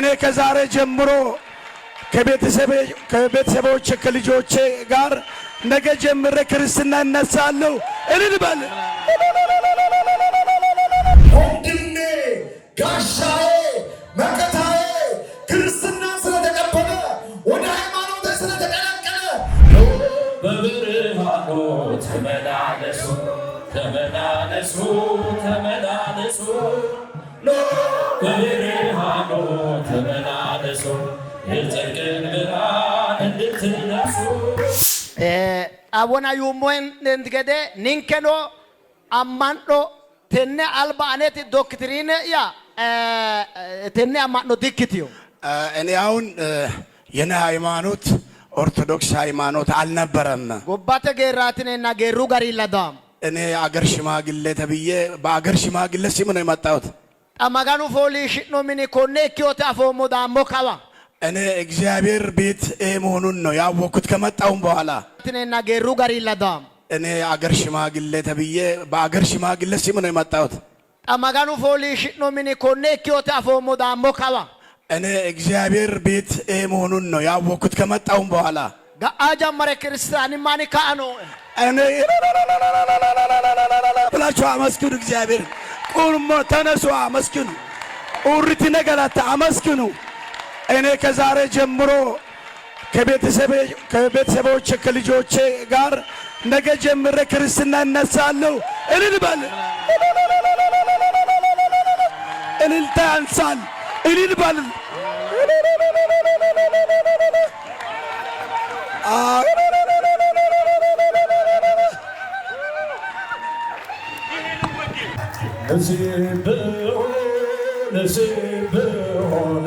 እኔ ከዛሬ ጀምሮ ከቤተሰቦች ከልጆቼ ጋር ነገ ጀምሬ ክርስትና እነሳለሁ። እልል በል ወንድሜ፣ ጋሻዬ፣ መከታዬ ክርስትና ስለተቀበለ ወደ ሃይማኖት ስለተቀላቀለ ተመላለሱ፣ ተመላለሱ፣ ተመላለሱ ተመላለሱ የጽድቅን ብርሃን እንድትነሱ አቦና ዩሞን እንትገደ ኒንከኖ አማንዶ ቴነ አልባ አነት ዶክትሪን ያ ቴነ አማንዶ ድክትዮ እኔ አሁን የነ ሃይማኖት ኦርቶዶክስ ሃይማኖት አልነበረም። ጎባተ ጌራትኔና ጌሩ ጋር ይለዳም እኔ አገር ሽማግሌ ተብዬ በአገር ሽማግሌ ስም ነው የመጣሁት። maganu ፎሊሽኖ ምን ኮኔ ኪዮት አፎሞ ዳሞ ካባ እኔ እግዚአብሔር ቤት መሆኑን ነው ያወቅኩት ከመጣሁም በኋላ እኔና ጌሩ ጋር ይላዳም እኔ አገር ሽማግሌ ተብዬ በአገር ሽማግሌ ስም ነው የመጣሁት። ጠማጋኑ ፎሊሽኖ ምን ኮኔ ኪዮት አፎሞ ዳሞ ካባ እኔ እግዚአብሔር ቤት መሆኑን ነው ያወቅኩት ከመጣሁም በኋላ ጋአ ጀመረ ክርስቲያን ማን ካኖ እኔ ብላችሁ አመስግኑ እግዚአብሔር ቁርሞ ተነሱ፣ አመስግኑ። ኡሪት ነገላት አመስግኑ። እኔ ከዛሬ ጀምሮ ከቤተሰቦች ከልጆቼ ጋር ነገ ጀምሬ ክርስትና እነሳለሁ። እልል በል እልልታ ያንሳል። እልል በል ሕዝብ ሆነ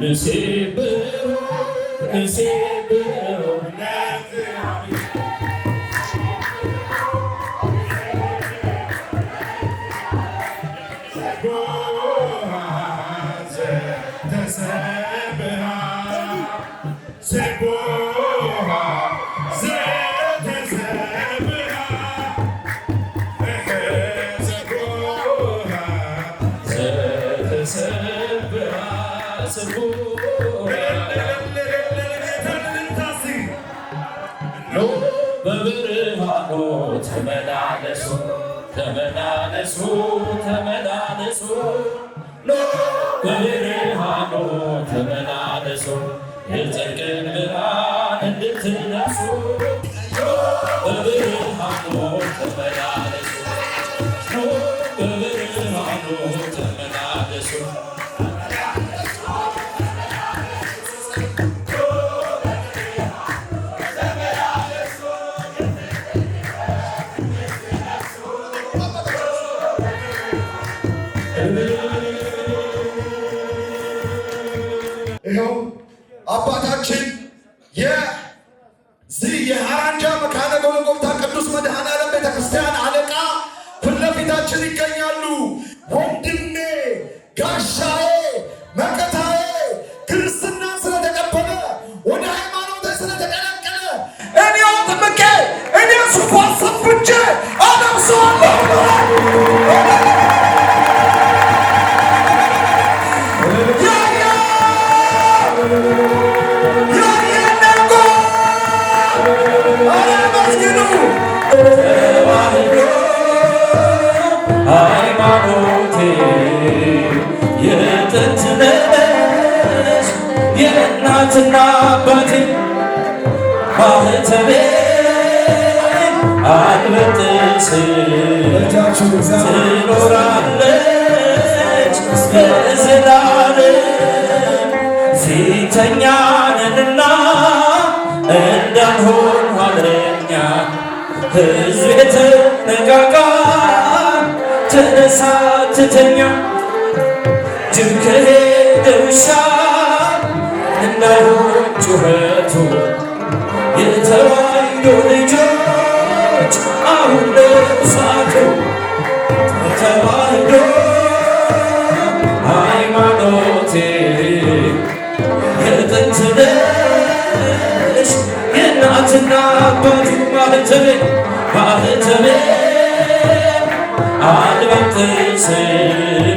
ልሴ ብሩ ልሴ ብሩ ብርሃኖት ተመላለሱ ተመላለሱ ተመላለሱ በብርሃኖት ተመላለሱ የጽድቅን Amen. እናትና አባቴ ማህተቤ አልበጥስ ትኖራለች ለዘላለም። ፊተኛ ነንና እንዳንሆን ኋለኛ ህዝብ የተነጋጋ ተነሳ ትተኛ ድንከሌ ደርሻ ነው ጩኸቱ የተዋሕዶ ልጆች አሁን ነው ሃይማኖቴ የእናትና አባቱ አልበጥስም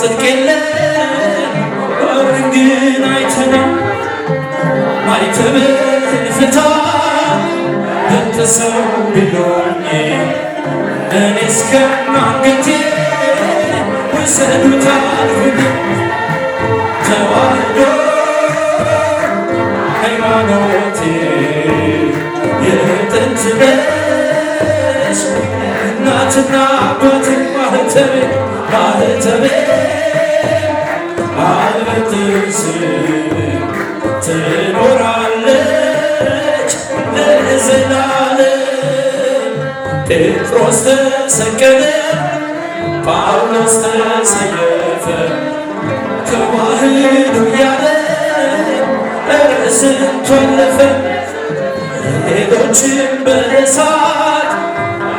ጽድቅ የለም ግን አይተናል ማይተብን ፍታ በተሰው እኔ እስከ አንገቴ ውሰዱታል ተዋህዶ ሃይማኖቴ የጥንት ነሽ እናትና አባቴ ማህተቤ ማህተቤ አልበትስም ትኖራለች ለዘላለም። ጴጥሮስ ተሰቀለ፣ ጳውሎስ ተሰየፈ፣ ተዋህዶ ያለ ርዕስን ቶለፈ ሌሎችም በሳ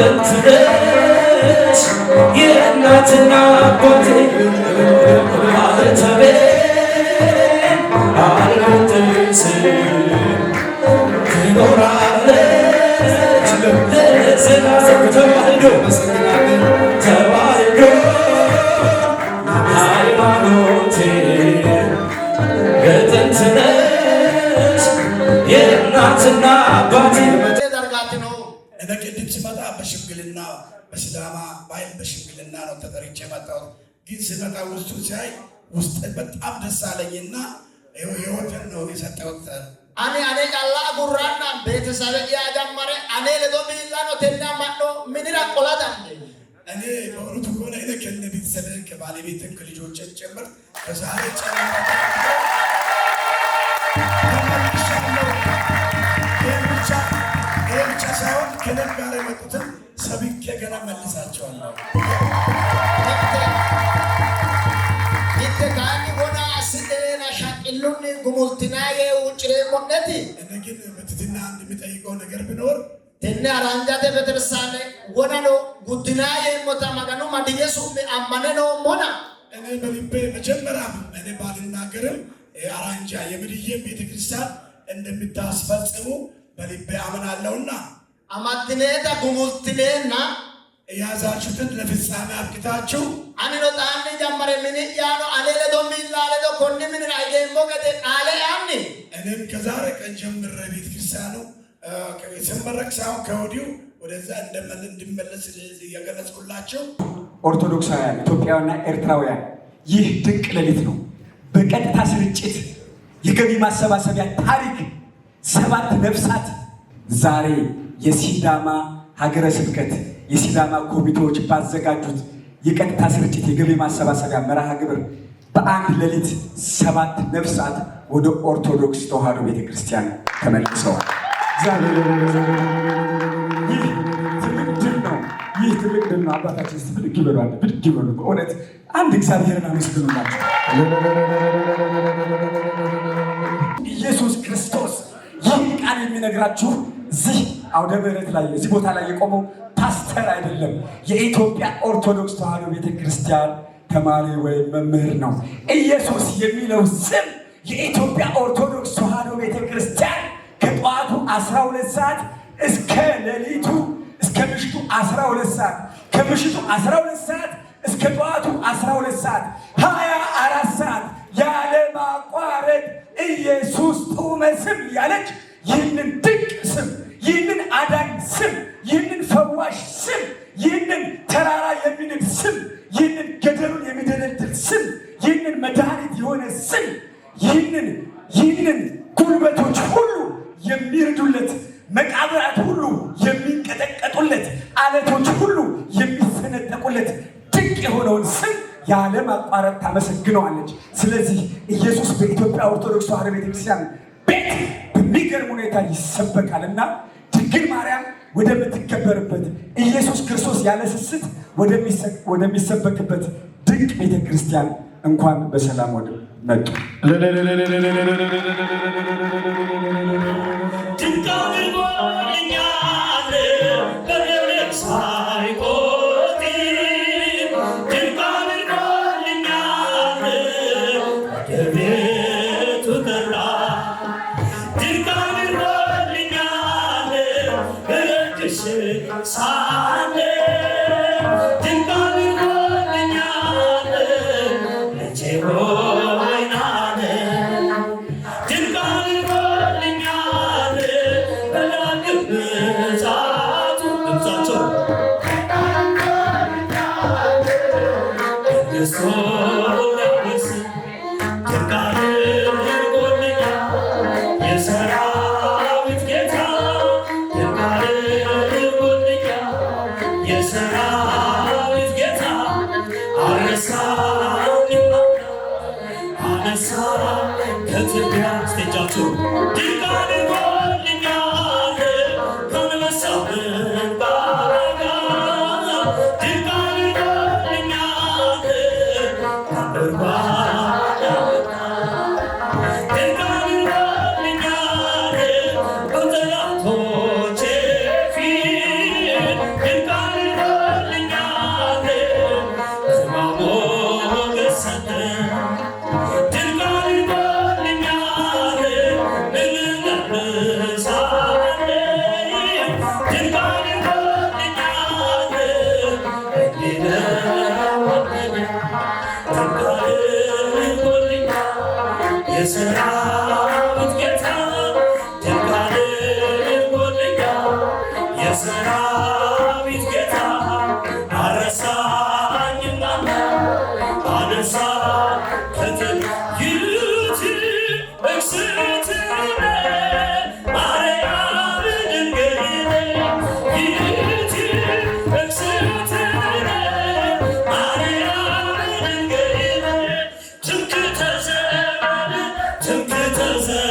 ተፈትነች የእናትና አባቴ ማህተቤ አልበጥስም ትኖራለች ለዘላለም የእናትና አባቴ አግኝቼ መጣሁ። ግን ስመጣ ውስጡ ሲያይ ውስጥ በጣም ደስ አለኝና ህይወትን ነው የሰጠሁት። አኔ አኔ ጫላ ጉራና ቤተሰብ ያዳመረ አኔ ለዶ ሚላ ነው ተና ማዶ ምድራ ቆላታ እኔ በእውነቱ ከሆነ እኔ ከነ ቤተሰብ ከባለቤትን ከልጆችን ጭምር በዛሬ ብቻ ሳይሆን ከደም ጋር የመጡትን ሰብኬ ገና መልሳቸዋለሁ። Itteekaanni bona asiteleena shaqilluun gumultinaa yee wuciree qonneti. እኔ ግን በትህትና እንደሚጠይቀው ነገር ቢኖር tenne aranjate betersane wonano guddinaye mota maganu madiye summe ammane no mona እኔ በልቤ መጀመሪያም እኔ ባልናገርም አራንጃ የምድዬ ቤተክርስቲያን እንደምታስፈጽሙ በልቤ አምናለሁና አማትኔታ ጉሙልትኔና የያዛችሁትን ለፍጻሜ አብቅታችሁ አንኖ ጣን ጀመረ ምን ያኖ አሌለ ዶሚ ላለዶ ኮኒ ምን አይገ ሞገቴ ቃለ አምኒ እኔም ከዛሬ ቀን ጀምረ ቤተ ክርስቲያኑ ስመረቅ ሳይሆን ከወዲሁ ወደዛ እንድመለስ እየገለጽኩላቸው። ኦርቶዶክሳውያን ኢትዮጵያውያንና ኤርትራውያን ይህ ድንቅ ሌሊት ነው። በቀጥታ ስርጭት የገቢ ማሰባሰቢያ ታሪክ ሰባት ነፍሳት ዛሬ የሲዳማ ሀገረ ስብከት የሲዳማ ኮሚቴዎች ባዘጋጁት የቀጥታ ስርጭት የገቢ ማሰባሰቢያ መርሃ ግብር በአንድ ሌሊት ሰባት ነፍሳት ወደ ኦርቶዶክስ ተዋህዶ ቤተክርስቲያን ተመልሰዋል። ይህ ትልቅ ድል ነው። ይህ ትልቅ ድል ነው። አባታችን ስ ብድግ ይበሏል፣ ብድግ ይበሉ። በእውነት አንድ እግዚአብሔርን ኢየሱስ ክርስቶስ ይህ ቃል የሚነግራችሁ እዚህ አውደ ምሕረት ላይ እዚህ ቦታ ላይ የቆመው ፓስተር አይደለም፣ የኢትዮጵያ ኦርቶዶክስ ተዋህዶ ቤተክርስቲያን ተማሪ ወይም መምህር ነው። ኢየሱስ የሚለው ስም የኢትዮጵያ ኦርቶዶክስ ተዋህዶ ቤተክርስቲያን ከጠዋቱ 12 ሰዓት እስከ ሌሊቱ እስከ ምሽቱ 12 ሰዓት ከምሽቱ 12 ሰዓት እስከ ጠዋቱ 12 ሰዓት 24 ሰዓት ያለ ማቋረጥ ኢየሱስ ጡመ ስም ያለች ይህንን ድንቅ ስም ይህንን አዳኝ ስም፣ ይህንን ፈዋሽ ስም፣ ይህንን ተራራ የሚንድ ስም፣ ይህንን ገደሉን የሚደለድል ስም፣ ይህንን መድኃኒት የሆነ ስም፣ ይህንን ይህንን ጉልበቶች ሁሉ የሚርዱለት መቃብራት ሁሉ የሚንቀጠቀጡለት አለቶች ሁሉ የሚሰነጠቁለት ድንቅ የሆነውን ስም የዓለም አቋረጥ ታመሰግነዋለች። ስለዚህ ኢየሱስ በኢትዮጵያ ኦርቶዶክስ ተዋሕዶ ቤተክርስቲያን ቤት በሚገርም ሁኔታ እና ድንግል ማርያም ወደምትከበርበት ኢየሱስ ክርስቶስ ያለ ስስት ወደሚሰበክበት ድንቅ ቤተ ክርስቲያን እንኳን በሰላም ወደ መጡ። ሳለ Listen out, Some kettles are